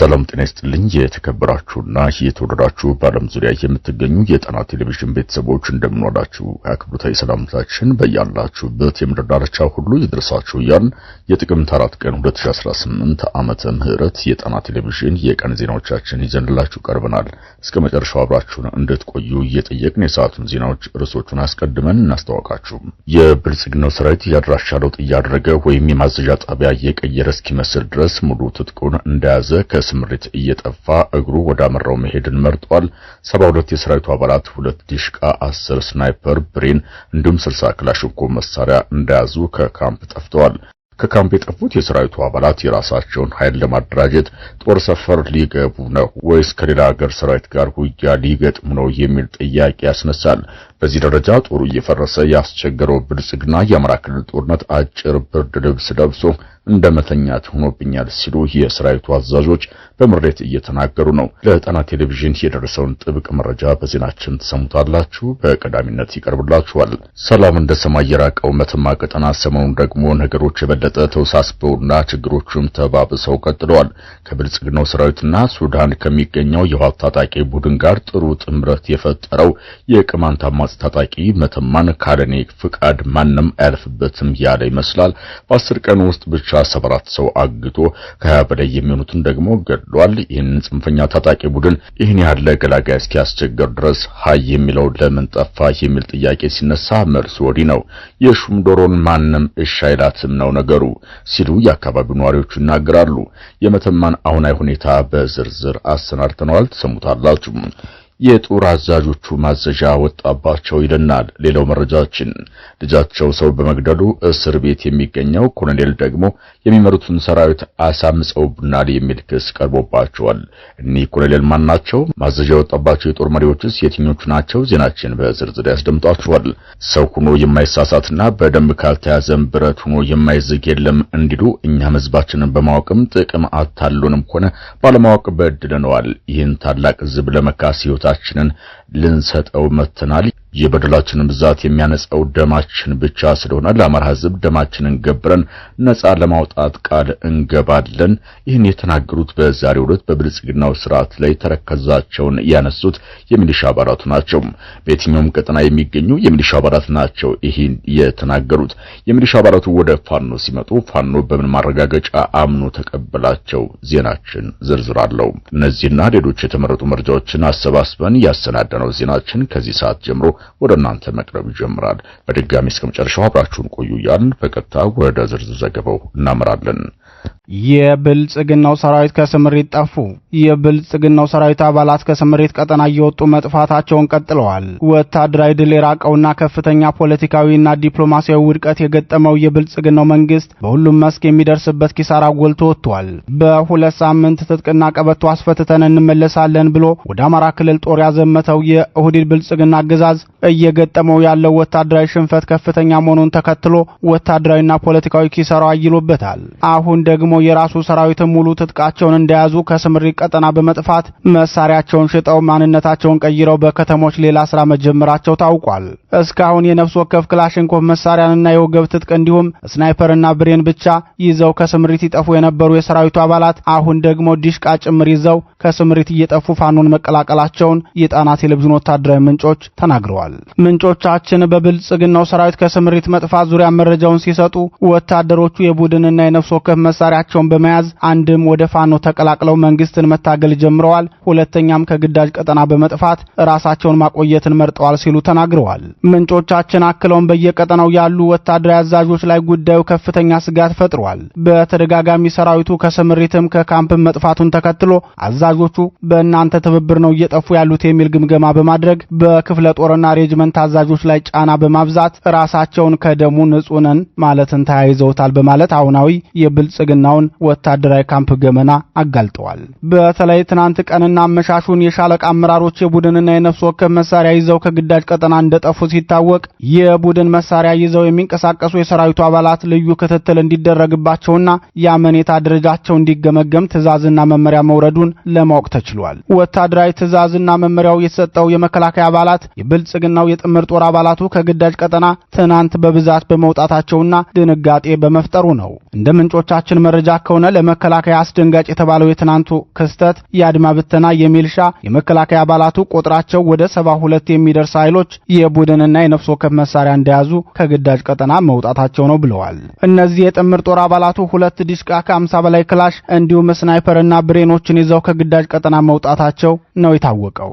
ሰላም ጤና ይስጥልኝ። የተከበራችሁና የተወደዳችሁ በዓለም ዙሪያ የምትገኙ የጣና ቴሌቪዥን ቤተሰቦች እንደምንዋላችሁ አክብሮታዊ ሰላምታችን በያላችሁበት የምድር ዳርቻ ሁሉ ይድረሳችሁ። ያን የጥቅምት አራት ቀን 2018 ዓመተ ምህረት የጣና ቴሌቪዥን የቀን ዜናዎቻችን ይዘንላችሁ ቀርበናል። እስከ መጨረሻው አብራችሁን እንድትቆዩ እየጠየቅን የሰዓቱን ዜናዎች ርዕሶቹን አስቀድመን እናስተዋውቃችሁ። የብልጽግናው ሰራዊት የአድራሻ ለውጥ እያደረገ ወይም የማዘዣ ጣቢያ እየቀየረ እስኪመስል ድረስ ሙሉ ትጥቁን እንደያዘ ስምሪት እየጠፋ እግሩ አመራው መሄድን መርጧል። 72 የሰራዊቱ አባላት ሁለት ዲሽቃ፣ 10 ስናይፐር፣ ብሬን እንዲሁም 60 ክላሽንኮቭ መሳሪያ እንደያዙ ከካምፕ ጠፍተዋል። ከካምፕ የጠፉት የሰራዊቱ አባላት የራሳቸውን ኃይል ለማደራጀት ጦር ሰፈር ሊገቡ ነው ወይስ ከሌላ ሀገር ሰራዊት ጋር ውጊያ ሊገጥሙ ነው የሚል ጥያቄ ያስነሳል። በዚህ ደረጃ ጦሩ እየፈረሰ ያስቸገረው ብልጽግና የአማራ ክልል ጦርነት አጭር ብርድ ልብስ ለብሶ እንደ መተኛት ሆኖብኛል ሲሉ የሰራዊቱ አዛዦች በምሬት እየተናገሩ ነው። ለጣና ቴሌቪዥን የደረሰውን ጥብቅ መረጃ በዜናችን ትሰሙታላችሁ፣ በቀዳሚነት ይቀርብላችኋል። ሰላም እንደ ሰማይ የራቀው መተማ ቀጠና ሰሞኑን ደግሞ ነገሮች የበለጠ ተወሳስበውና ችግሮቹም ተባብሰው ቀጥለዋል። ከብልጽግናው ሰራዊትና ሱዳን ከሚገኘው የውሃ ታጣቂ ቡድን ጋር ጥሩ ጥምረት የፈጠረው የቅማንት ራስ ታጣቂ መተማን ካለኔ ፍቃድ ማንም አያልፍበትም ያለ ይመስላል። በአስር ቀን ውስጥ ብቻ ሰባ ሰው አግቶ ከሀያ በላይ የሚሆኑትን ደግሞ ገድሏል። ይህንን ጽንፈኛ ታጣቂ ቡድን ይህን ያለ ገላጋይ እስኪያስቸገር ድረስ ሀይ የሚለው ለምን ጠፋ የሚል ጥያቄ ሲነሳ መልሱ ወዲህ ነው። የሹም ዶሮን ማንም እሺ አይላትም ነው ነገሩ ሲሉ የአካባቢው ነዋሪዎች ይናገራሉ። የመተማን አሁናዊ ሁኔታ በዝርዝር አሰናድተነዋል፣ ትሰሙታላችሁ። የጦር አዛዦቹ ማዘዣ ወጣባቸው ይለናል። ሌላው መረጃችን ልጃቸው ሰው በመግደሉ እስር ቤት የሚገኘው ኮሎኔል ደግሞ የሚመሩትን ሰራዊት አሳምፀውብናል የሚል ክስ ቀርቦባቸዋል። እኒህ ኮሎኔል ማን ናቸው? ማዘዣ የወጣባቸው የጦር መሪዎችስ የትኞቹ ናቸው? ዜናችን በዝርዝር ያስደምጧቸዋል። ሰው ሆኖ የማይሳሳትና በደንብ ካልተያዘም ብረት ሆኖ የማይዝግ የለም እንዲሉ እኛም ህዝባችንን በማወቅም ጥቅም አታሎንም ሆነ ባለማወቅ በድለነዋል። ይህን ታላቅ ህዝብ ለመካስ ህይወታ በደላችንን ልንሰጠው መጥተናል። የበደላችንን ብዛት የሚያነጻው ደማችን ብቻ ስለሆነ ለአማራ ሕዝብ ደማችንን ገብረን ነጻ ለማውጣት ቃል እንገባለን። ይህን የተናገሩት በዛሬው ዕለት በብልጽግናው ስርዓት ላይ ተረከዛቸውን ያነሱት የሚሊሻ አባላቱ ናቸው። በየትኛውም ቀጠና የሚገኙ የሚሊሻ አባላት ናቸው ይህን የተናገሩት። የሚሊሻ አባላቱ ወደ ፋኖ ሲመጡ ፋኖ በምን ማረጋገጫ አምኖ ተቀበላቸው? ዜናችን ዝርዝር አለው። እነዚህና ሌሎች የተመረጡ መረጃዎችን አሰባስበ አሰባስበን ያሰናዳነው ዜናችን ከዚህ ሰዓት ጀምሮ ወደ እናንተ መቅረብ ይጀምራል። በድጋሚ እስከ መጨረሻው አብራችሁን ቆዩ እያልን በቀጥታ ወደ ዝርዝር ዘገባው እናመራለን። የብልጽግናው ሰራዊት ከስምሪት ጠፉ። የብልጽግናው ሰራዊት አባላት ከስምሪት ቀጠና እየወጡ መጥፋታቸውን ቀጥለዋል። ወታደራዊ ድል የራቀውና ከፍተኛ ፖለቲካዊና ዲፕሎማሲያዊ ውድቀት የገጠመው የብልጽግናው መንግስት በሁሉም መስክ የሚደርስበት ኪሳራ ጎልቶ ወጥቷል። በሁለት ሳምንት ትጥቅና ቀበቶ አስፈትተን እንመለሳለን ብሎ ወደ አማራ ክልል ጦር ያዘመተው የእሁድድ ብልጽግና አገዛዝ እየገጠመው ያለው ወታደራዊ ሽንፈት ከፍተኛ መሆኑን ተከትሎ ወታደራዊና ፖለቲካዊ ኪሳራው አይሎበታል። አሁን ደግሞ የራሱ ሰራዊትን ሙሉ ትጥቃቸውን እንደያዙ ከስምሪት ቀጠና በመጥፋት መሳሪያቸውን ሽጠው ማንነታቸውን ቀይረው በከተሞች ሌላ ስራ መጀመራቸው ታውቋል። እስካሁን የነፍስ ወከፍ ክላሽንኮቭ መሳሪያንና የወገብ ትጥቅ እንዲሁም ስናይፐርና ብሬን ብቻ ይዘው ከስምሪት ይጠፉ የነበሩ የሰራዊቱ አባላት አሁን ደግሞ ዲሽቃ ጭምር ይዘው ከስምሪት እየጠፉ ፋኖን መቀላቀላቸውን የጣና ቴሌቪዥን ወታደራዊ ምንጮች ተናግረዋል። ምንጮቻችን በብልጽግናው ሰራዊት ከስምሪት መጥፋት ዙሪያ መረጃውን ሲሰጡ ወታደሮቹ የቡድንና የነፍስ ወከፍ መሳሪያ ትጥቃቸውን በመያዝ አንድም ወደ ፋኖ ተቀላቅለው መንግስትን መታገል ጀምረዋል፣ ሁለተኛም ከግዳጅ ቀጠና በመጥፋት ራሳቸውን ማቆየትን መርጠዋል ሲሉ ተናግረዋል። ምንጮቻችን አክለውን በየቀጠናው ያሉ ወታደራዊ አዛዦች ላይ ጉዳዩ ከፍተኛ ስጋት ፈጥሯል። በተደጋጋሚ ሰራዊቱ ከስምሪትም ከካምፕም መጥፋቱን ተከትሎ አዛዦቹ በእናንተ ትብብር ነው እየጠፉ ያሉት የሚል ግምገማ በማድረግ በክፍለ ጦርና ሬጅመንት አዛዦች ላይ ጫና በማብዛት ራሳቸውን ከደሙ ንጹህ ነን ማለትን ተያይዘውታል በማለት አሁናዊ የብልጽግና የከተማውን ወታደራዊ ካምፕ ገመና አጋልጠዋል። በተለይ ትናንት ቀንና አመሻሹን የሻለቃ አመራሮች የቡድንና የነፍስ ወከፍ መሳሪያ ይዘው ከግዳጅ ቀጠና እንደጠፉ ሲታወቅ የቡድን መሳሪያ ይዘው የሚንቀሳቀሱ የሰራዊቱ አባላት ልዩ ክትትል እንዲደረግባቸውና የአመኔታ ደረጃቸው እንዲገመገም ትዕዛዝና መመሪያ መውረዱን ለማወቅ ተችሏል። ወታደራዊ ትዕዛዝና መመሪያው የተሰጠው የመከላከያ አባላት የብልጽግናው የጥምር ጦር አባላቱ ከግዳጅ ቀጠና ትናንት በብዛት በመውጣታቸውና ድንጋጤ በመፍጠሩ ነው። እንደ ምንጮቻችን መረጃ መረጃ ከሆነ ለመከላከያ አስደንጋጭ የተባለው የትናንቱ ክስተት የአድማ ብተና፣ የሚልሻ፣ የመከላከያ አባላቱ ቁጥራቸው ወደ ሰባ ሁለት የሚደርስ ኃይሎች የቡድንና የነፍስ ወከፍ መሳሪያ እንደያዙ ከግዳጅ ቀጠና መውጣታቸው ነው ብለዋል። እነዚህ የጥምር ጦር አባላቱ ሁለት ዲሽቃ ከአምሳ በላይ ክላሽ እንዲሁም ስናይፐርና ብሬኖችን ይዘው ከግዳጅ ቀጠና መውጣታቸው ነው የታወቀው።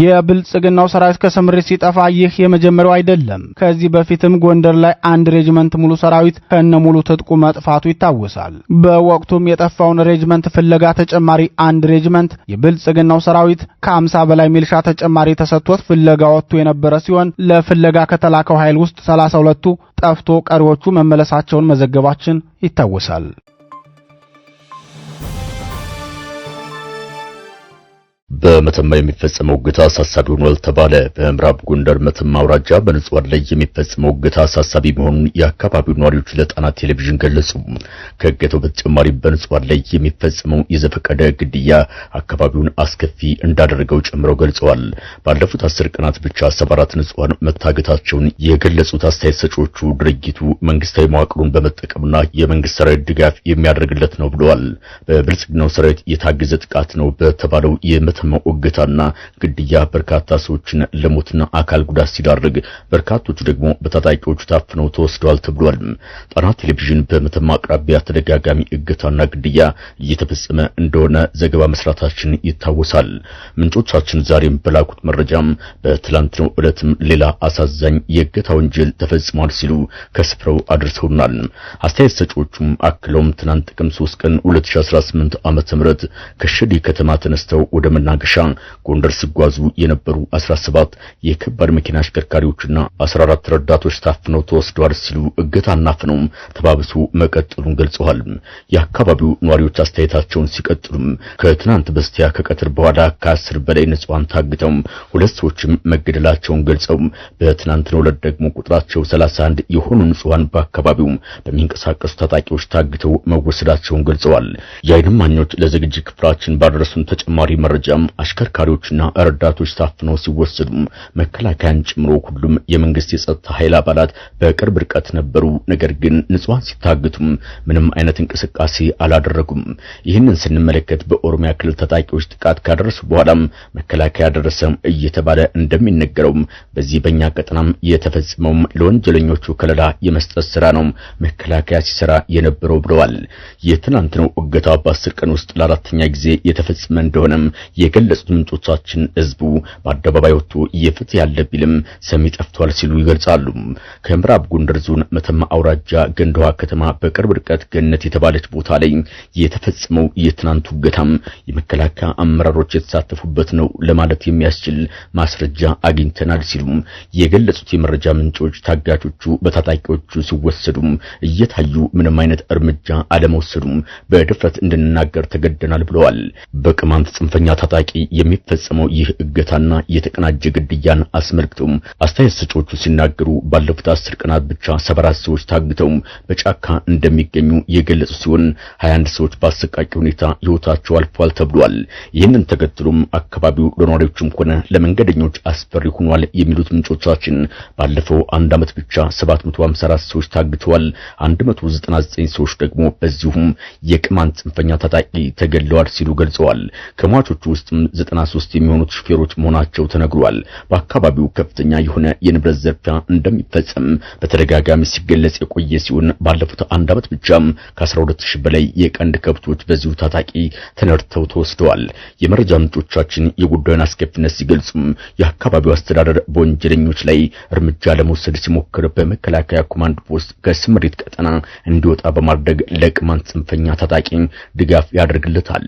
የብልጽግናው ሰራዊት ከስምሪት ሲጠፋ ይህ የመጀመሪያው አይደለም። ከዚህ በፊትም ጎንደር ላይ አንድ ሬጅመንት ሙሉ ሰራዊት ከነ ሙሉ ትጥቁ መጥፋቱ ይታወሳል። በወቅቱም የጠፋውን ሬጅመንት ፍለጋ ተጨማሪ አንድ ሬጅመንት የብልጽግናው ሰራዊት ከ50 በላይ ሚልሻ ተጨማሪ ተሰጥቶት ፍለጋ ወጥቶ የነበረ ሲሆን ለፍለጋ ከተላከው ኃይል ውስጥ 32ቱ ጠፍቶ ቀሪዎቹ መመለሳቸውን መዘገባችን ይታወሳል። በመተማ የሚፈጸመው እገታ አሳሳቢ ሆኗል ተባለ። በምዕራብ ጎንደር መተማ አውራጃ በንጹሃን ላይ የሚፈጸመው እገታ አሳሳቢ መሆኑን የአካባቢው ነዋሪዎች ለጣና ቴሌቪዥን ገለጹ። ከእገታው በተጨማሪ በንጹሃን ላይ የሚፈጸመው የዘፈቀደ ግድያ አካባቢውን አስከፊ እንዳደረገው ጨምረው ገልጸዋል። ባለፉት አስር ቀናት ብቻ ሰባ አራት ንጹሃን መታገታቸውን የገለጹት አስተያየት ሰጪዎቹ ድርጊቱ መንግስታዊ መዋቅሩን በመጠቀምና የመንግስት ሰራዊት ድጋፍ የሚያደርግለት ነው ብለዋል። በብልጽግናው ሰራዊት የታገዘ ጥቃት ነው በተባለው የመተማ የተፈጸመው እገታና ግድያ በርካታ ሰዎችን ለሞትና አካል ጉዳት ሲዳርግ በርካቶቹ ደግሞ በታጣቂዎቹ ታፍነው ተወስደዋል ተብሏል። ጣና ቴሌቪዥን በመተማ አቅራቢያ ተደጋጋሚ እገታና ግድያ እየተፈጸመ እንደሆነ ዘገባ መስራታችን ይታወሳል። ምንጮቻችን ዛሬም በላኩት መረጃም በትላንትናው ዕለትም ሌላ አሳዛኝ የእገታ ወንጀል ተፈጽሟል ሲሉ ከስፍራው አድርሰውናል። አስተያየት ሰጪዎቹም አክለውም ትናንት ጥቅምት 3 ቀን 2018 ዓ.ም ከሸዴ ከተማ ተነስተው ወደ መና ማገሻ ጎንደር ሲጓዙ የነበሩ 17 የከባድ መኪና አሽከርካሪዎችና 14 ረዳቶች ታፍነው ተወስደዋል ሲሉ እገታና ፍነውም ተባብሶ መቀጠሉን ገልጸዋል። የአካባቢው ነዋሪዎች አስተያየታቸውን ሲቀጥሉም ከትናንት በስቲያ ከቀትር በኋላ ከ10 በላይ ንጹሃን ታግተው ሁለት ሰዎችም መገደላቸውን ገልጸው በትናንትናው ዕለት ደግሞ ቁጥራቸው 31 የሆኑ ንጹሃን በአካባቢው በሚንቀሳቀሱ ታጣቂዎች ታግተው መወሰዳቸውን ገልጸዋል። የአይን እማኞች ለዝግጅት ክፍላችን ባደረሱን ተጨማሪ መረጃም አሽከርካሪዎችና ረዳቶች ታፍነው ሲወሰዱ መከላከያን ጨምሮ ሁሉም የመንግስት የጸጥታ ኃይል አባላት በቅርብ ርቀት ነበሩ። ነገር ግን ንጹሃን ሲታገቱም ምንም አይነት እንቅስቃሴ አላደረጉም። ይህንን ስንመለከት በኦሮሚያ ክልል ታጣቂዎች ጥቃት ካደረሱ በኋላም መከላከያ ደረሰም እየተባለ እንደሚነገረውም በዚህ በእኛ ቀጠናም የተፈጸመውም ለወንጀለኞቹ ከለላ የመስጠት ስራ ነው መከላከያ ሲሰራ የነበረው ብለዋል። ነው እገታ በአስር ቀን ውስጥ ለአራተኛ ጊዜ የተፈጸመ እንደሆነም የገለጹት ምንጮቻችን ህዝቡ በአደባባይ ወጥቶ የፍትህ ያለ ቢልም ሰሚ ጠፍቷል ሲሉ ይገልጻሉ። ከምዕራብ ጎንደር ዞን መተማ አውራጃ ገንደዋ ከተማ በቅርብ ርቀት ገነት የተባለች ቦታ ላይ የተፈጸመው የትናንቱ እገታም የመከላከያ አመራሮች የተሳተፉበት ነው ለማለት የሚያስችል ማስረጃ አግኝተናል ሲሉ የገለጹት የመረጃ ምንጮች ታጋቾቹ በታጣቂዎቹ ሲወሰዱም እየታዩ ምንም አይነት እርምጃ አለመወሰዱም በድፍረት እንድንናገር ተገደናል ብለዋል። በቅማንት ጽንፈኛ ታጣቂ ታጣቂ የሚፈጸመው ይህ እገታና የተቀናጀ ግድያን አስመልክቶም አስተያየት ሰጪዎቹ ሲናገሩ ባለፉት አስር ቀናት ብቻ 74 ሰዎች ታግተው በጫካ እንደሚገኙ የገለጹ ሲሆን 21 ሰዎች በአሰቃቂ ሁኔታ ሕይወታቸው አልፏል ተብሏል። ይህንን ተከትሎም አካባቢው ለነዋሪዎችም ሆነ ለመንገደኞች አስፈሪ ሆኗል የሚሉት ምንጮቻችን ባለፈው አንድ ዓመት ብቻ 754 ሰዎች ታግተዋል፣ 199 ሰዎች ደግሞ በዚሁም የቅማንት ጽንፈኛ ታጣቂ ተገለዋል ሲሉ ገልጸዋል። ከሟቾቹ ውስጥ 93 የሚሆኑት ሹፌሮች መሆናቸው ተነግሯል። በአካባቢው ከፍተኛ የሆነ የንብረት ዘርፊያ እንደሚፈጸም በተደጋጋሚ ሲገለጽ የቆየ ሲሆን ባለፉት አንድ ዓመት ብቻም ከ12000 በላይ የቀንድ ከብቶች በዚሁ ታጣቂ ተነድተው ተወስደዋል። የመረጃ ምንጮቻችን የጉዳዩን አስከፊነት ሲገልጹም የአካባቢው አስተዳደር በወንጀለኞች ላይ እርምጃ ለመውሰድ ሲሞክር በመከላከያ ኮማንድ ፖስት ከስምሪት ቀጠና እንዲወጣ በማድረግ ለቅማንት ጽንፈኛ ታጣቂ ድጋፍ ያደርግለታል።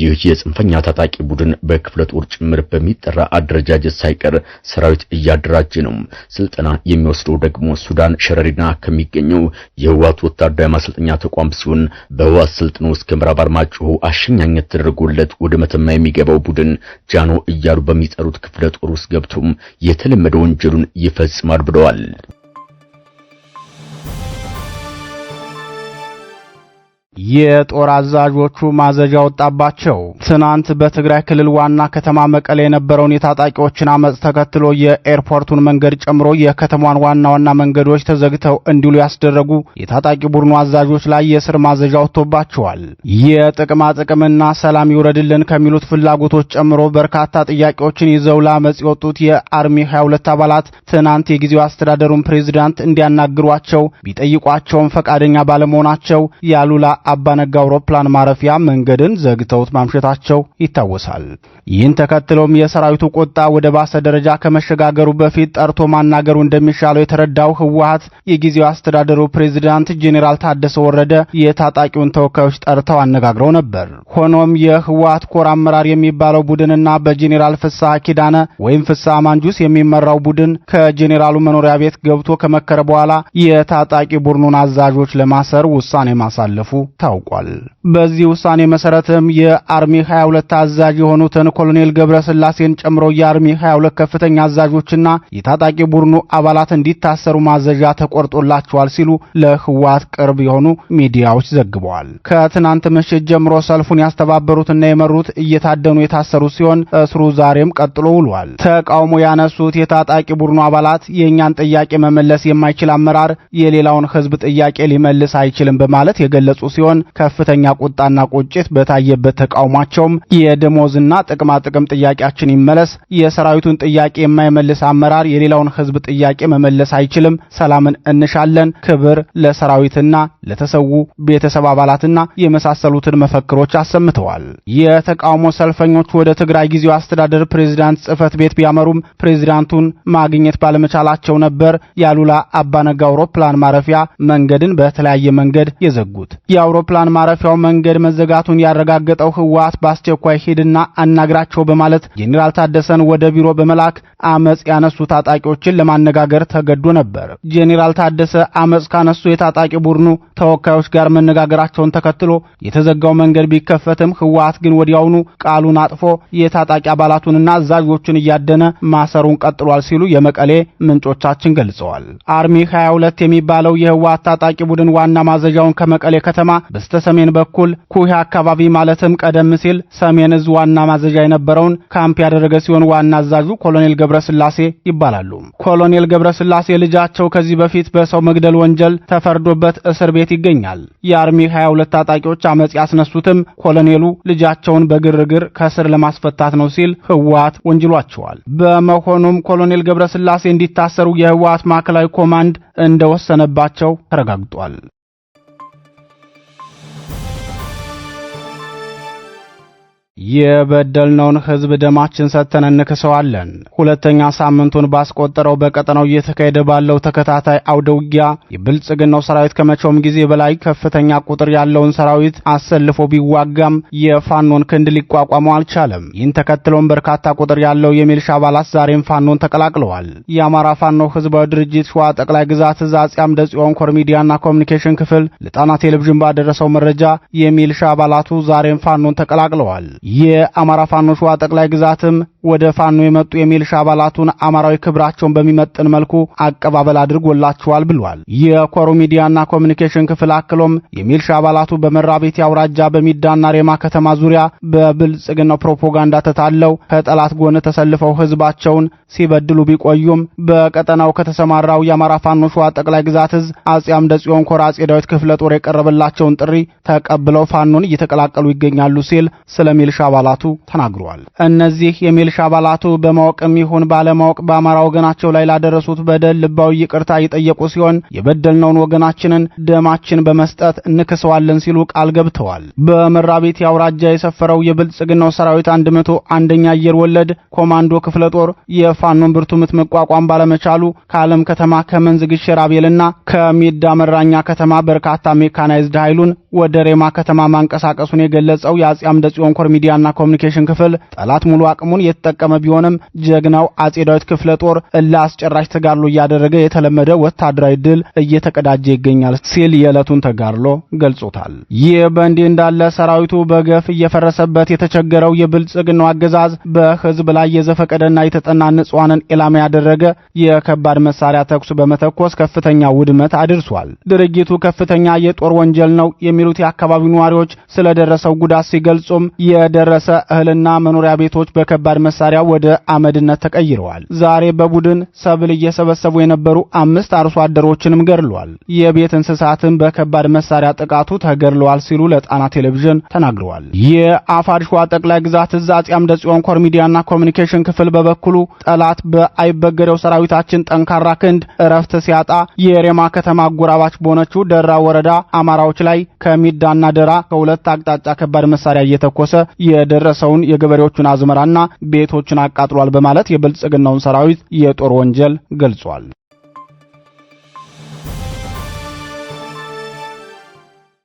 ይህ የጽንፈኛ ታጣቂ ቡድን ቡድን በክፍለ ጦር ጭምር በሚጠራ አደረጃጀት ሳይቀር ሰራዊት እያደራጀ ነው። ስልጠና የሚወስደው ደግሞ ሱዳን ሸረሪና ከሚገኘው የህዋት ወታደራዊ ማሰልጠኛ ተቋም ሲሆን በህዋት ስልጥኖ እስከ ምዕራብ አርማጭሆ አሸኛኘት ተደርጎለት ወደ መተማ የሚገባው ቡድን ጃኖ እያሉ በሚጠሩት ክፍለ ጦር ውስጥ ገብቶም የተለመደ ወንጀሉን ይፈጽማል ብለዋል። የጦር አዛዦቹ ማዘዣ ወጣባቸው። ትናንት በትግራይ ክልል ዋና ከተማ መቀሌ የነበረውን የታጣቂዎችን አመፅ ተከትሎ የኤርፖርቱን መንገድ ጨምሮ የከተማዋን ዋና ዋና መንገዶች ተዘግተው እንዲሉ ያስደረጉ የታጣቂ ቡድኑ አዛዦች ላይ የእስር ማዘዣ ወጥቶባቸዋል። የጥቅማ ጥቅምና ሰላም ይውረድልን ከሚሉት ፍላጎቶች ጨምሮ በርካታ ጥያቄዎችን ይዘው ለአመፅ የወጡት የአርሚ 22 አባላት ትናንት የጊዜው አስተዳደሩን ፕሬዚዳንት እንዲያናግሯቸው ቢጠይቋቸውም ፈቃደኛ ባለመሆናቸው ያሉላ አባነጋ አውሮፕላን ማረፊያ መንገድን ዘግተውት ማምሸታቸው ይታወሳል። ይህን ተከትሎም የሰራዊቱ ቁጣ ወደ ባሰ ደረጃ ከመሸጋገሩ በፊት ጠርቶ ማናገሩ እንደሚሻለው የተረዳው ህወሀት የጊዜው አስተዳደሩ ፕሬዚዳንት ጄኔራል ታደሰ ወረደ የታጣቂውን ተወካዮች ጠርተው አነጋግረው ነበር። ሆኖም የህወሀት ኮር አመራር የሚባለው ቡድንና በጄኔራል ፍስሐ ኪዳነ ወይም ፍስሐ ማንጁስ የሚመራው ቡድን ከጄኔራሉ መኖሪያ ቤት ገብቶ ከመከረ በኋላ የታጣቂ ቡድኑን አዛዦች ለማሰር ውሳኔ ማሳለፉ ታውቋል። በዚህ ውሳኔ መሰረትም የአርሚ 22 አዛዥ የሆኑትን ኮሎኔል ገብረስላሴን ጨምሮ የአርሚ 22 ከፍተኛ አዛዦችና የታጣቂ ቡድኑ አባላት እንዲታሰሩ ማዘዣ ተቆርጦላቸዋል ሲሉ ለህወሓት ቅርብ የሆኑ ሚዲያዎች ዘግበዋል። ከትናንት ምሽት ጀምሮ ሰልፉን ያስተባበሩትና የመሩት እየታደኑ የታሰሩ ሲሆን እስሩ ዛሬም ቀጥሎ ውሏል። ተቃውሞ ያነሱት የታጣቂ ቡድኑ አባላት የእኛን ጥያቄ መመለስ የማይችል አመራር የሌላውን ህዝብ ጥያቄ ሊመልስ አይችልም በማለት የገለጹ ሲሆን ከፍተኛ ቁጣና ቁጭት በታየበት ተቃውሟቸውም የደሞዝና ጥቅማ ጥቅም ጥያቄያችን ይመለስ፣ የሰራዊቱን ጥያቄ የማይመልስ አመራር የሌላውን ህዝብ ጥያቄ መመለስ አይችልም፣ ሰላምን እንሻለን፣ ክብር ለሰራዊትና ለተሰዉ ቤተሰብ አባላትና የመሳሰሉትን መፈክሮች አሰምተዋል። የተቃውሞ ሰልፈኞች ወደ ትግራይ ጊዜው አስተዳደር ፕሬዝዳንት ጽህፈት ቤት ቢያመሩም ፕሬዝዳንቱን ማግኘት ባለመቻላቸው ነበር የአሉላ አባነጋ አውሮፕላን ማረፊያ መንገድን በተለያየ መንገድ የዘጉት። የአውሮፕላን ማረፊያው መንገድ መዘጋቱን ያረጋገጠው ህወሓት በአስቸኳይ ሂድና አናግራቸው በማለት ጄኔራል ታደሰን ወደ ቢሮ በመላክ አመፅ ያነሱ ታጣቂዎችን ለማነጋገር ተገዶ ነበር። ጄኔራል ታደሰ አመፅ ካነሱ የታጣቂ ቡድኑ ተወካዮች ጋር መነጋገራቸውን ተከትሎ የተዘጋው መንገድ ቢከፈትም ህወሓት ግን ወዲያውኑ ቃሉን አጥፎ የታጣቂ አባላቱንና አዛዦቹን እያደነ ማሰሩን ቀጥሏል ሲሉ የመቀሌ ምንጮቻችን ገልጸዋል። አርሚ 22 የሚባለው የህወሓት ታጣቂ ቡድን ዋና ማዘዣውን ከመቀሌ ከተማ በስተሰሜን በ በኩል ኩህ አካባቢ ማለትም ቀደም ሲል ሰሜን እዝ ዋና ማዘዣ የነበረውን ካምፕ ያደረገ ሲሆን ዋና አዛዡ ኮሎኔል ገብረስላሴ ይባላሉ። ኮሎኔል ገብረስላሴ ልጃቸው ከዚህ በፊት በሰው መግደል ወንጀል ተፈርዶበት እስር ቤት ይገኛል። የአርሚ 22 ታጣቂዎች አመጽ ያስነሱትም ኮሎኔሉ ልጃቸውን በግርግር ከእስር ለማስፈታት ነው ሲል ህወሓት ወንጅሏቸዋል። በመሆኑም ኮሎኔል ገብረስላሴ እንዲታሰሩ የህወሓት ማዕከላዊ ኮማንድ እንደወሰነባቸው ተረጋግጧል። የበደልነውን ህዝብ ደማችን ሰጥተን እንክሰዋለን። ሁለተኛ ሳምንቱን ባስቆጠረው በቀጠናው እየተካሄደ ባለው ተከታታይ አውደ ውጊያ የብልጽግናው ሰራዊት ከመቼውም ጊዜ በላይ ከፍተኛ ቁጥር ያለውን ሰራዊት አሰልፎ ቢዋጋም የፋኖን ክንድ ሊቋቋመው አልቻለም። ይህን ተከትሎም በርካታ ቁጥር ያለው የሚልሻ አባላት ዛሬም ፋኖን ተቀላቅለዋል። የአማራ ፋኖ ህዝባዊ ድርጅት ሸዋ ጠቅላይ ግዛት እዝ አፄ አምደ ጽዮን ኮር ሚዲያና ኮሚኒኬሽን ክፍል ለጣና ቴሌቪዥን ባደረሰው መረጃ የሚልሻ አባላቱ ዛሬም ፋኖን ተቀላቅለዋል። የአማራ ፋኖ ሸዋ ጠቅላይ ግዛትም ወደ ፋኖ የመጡ የሚልሻ አባላቱን አማራዊ ክብራቸውን በሚመጥን መልኩ አቀባበል አድርጎላቸዋል ብሏል። የኮሩ ሚዲያና ኮሚኒኬሽን ክፍል አክሎም የሚልሻ አባላቱ በመራቤቴ አውራጃ በሚዳና ሬማ ከተማ ዙሪያ በብልጽግናው ፕሮፓጋንዳ ተታለው ከጠላት ጎን ተሰልፈው ህዝባቸውን ሲበድሉ ቢቆዩም በቀጠናው ከተሰማራው የአማራ ፋኖ ሸዋ ጠቅላይ ግዛት እዝ አጼ አምደ ጽዮን ኮር አጼ ዳዊት ክፍለ ጦር የቀረበላቸውን ጥሪ ተቀብለው ፋኖን እየተቀላቀሉ ይገኛሉ ሲል ስለሚልሻ የሚልሻ አባላቱ ተናግረዋል። እነዚህ የሚልሻ አባላቱ በማወቅም ይሁን ባለማወቅ በአማራ ወገናቸው ላይ ላደረሱት በደል ልባዊ ይቅርታ እየጠየቁ ሲሆን የበደልነውን ወገናችንን ደማችን በመስጠት እንክሰዋለን ሲሉ ቃል ገብተዋል። በመራቤቴ አውራጃ የሰፈረው የብልጽግናው ሰራዊት አንድ መቶ አንደኛ አየር ወለድ ኮማንዶ ክፍለ ጦር የፋኖን ብርቱ ምት መቋቋም ባለመቻሉ ከዓለም ከተማ ከመንዝ ግሽር አቤልና ከሚዳ መራኛ ከተማ በርካታ ሜካናይዝድ ኃይሉን ወደ ሬማ ከተማ ማንቀሳቀሱን የገለጸው የአጼ አምደ ጽዮን ኮር ሚዲያ ሚዲያና ኮሚኒኬሽን ክፍል ጠላት ሙሉ አቅሙን የተጠቀመ ቢሆንም ጀግናው አጼ ዳዊት ክፍለ ጦር ለአስጨራሽ ተጋድሎ እያደረገ የተለመደ ወታደራዊ ድል እየተቀዳጀ ይገኛል ሲል የዕለቱን ተጋድሎ ገልጾታል። ይህ በእንዲህ እንዳለ ሰራዊቱ በገፍ እየፈረሰበት የተቸገረው የብልጽግናው አገዛዝ በህዝብ ላይ የዘፈቀደና የተጠና ንጹሐንን ኢላማ ያደረገ የከባድ መሳሪያ ተኩስ በመተኮስ ከፍተኛ ውድመት አድርሷል። ድርጊቱ ከፍተኛ የጦር ወንጀል ነው የሚሉት የአካባቢው ነዋሪዎች ስለደረሰው ጉዳት ሲገልጹም የደ የደረሰ እህልና መኖሪያ ቤቶች በከባድ መሳሪያ ወደ አመድነት ተቀይረዋል። ዛሬ በቡድን ሰብል እየሰበሰቡ የነበሩ አምስት አርሶ አደሮችንም ገድሏል። የቤት እንስሳትን በከባድ መሳሪያ ጥቃቱ ተገድለዋል ሲሉ ለጣና ቴሌቪዥን ተናግረዋል። የአፋድ ሸዋ ጠቅላይ ግዛት እዝ አፄ አምደ ጽዮን ኮር ሚዲያና ኮሚኒኬሽን ክፍል በበኩሉ ጠላት በአይበገደው ሰራዊታችን ጠንካራ ክንድ እረፍት ሲያጣ የሬማ ከተማ አጎራባች በሆነችው ደራ ወረዳ አማራዎች ላይ ከሚዳና ደራ ከሁለት አቅጣጫ ከባድ መሳሪያ እየተኮሰ የደረሰውን የገበሬዎቹን አዝመራና ቤቶችን አቃጥሏል በማለት የብልጽግናውን ሰራዊት የጦር ወንጀል ገልጿል።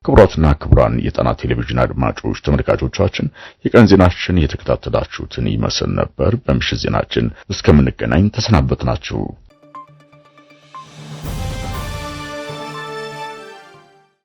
ክቡራትና ክቡራን የጣና ቴሌቪዥን አድማጮች ተመልካቾቻችን፣ የቀን ዜናችን የተከታተላችሁትን ይመስል ነበር። በምሽት ዜናችን እስከምንገናኝ ተሰናበትናችሁ።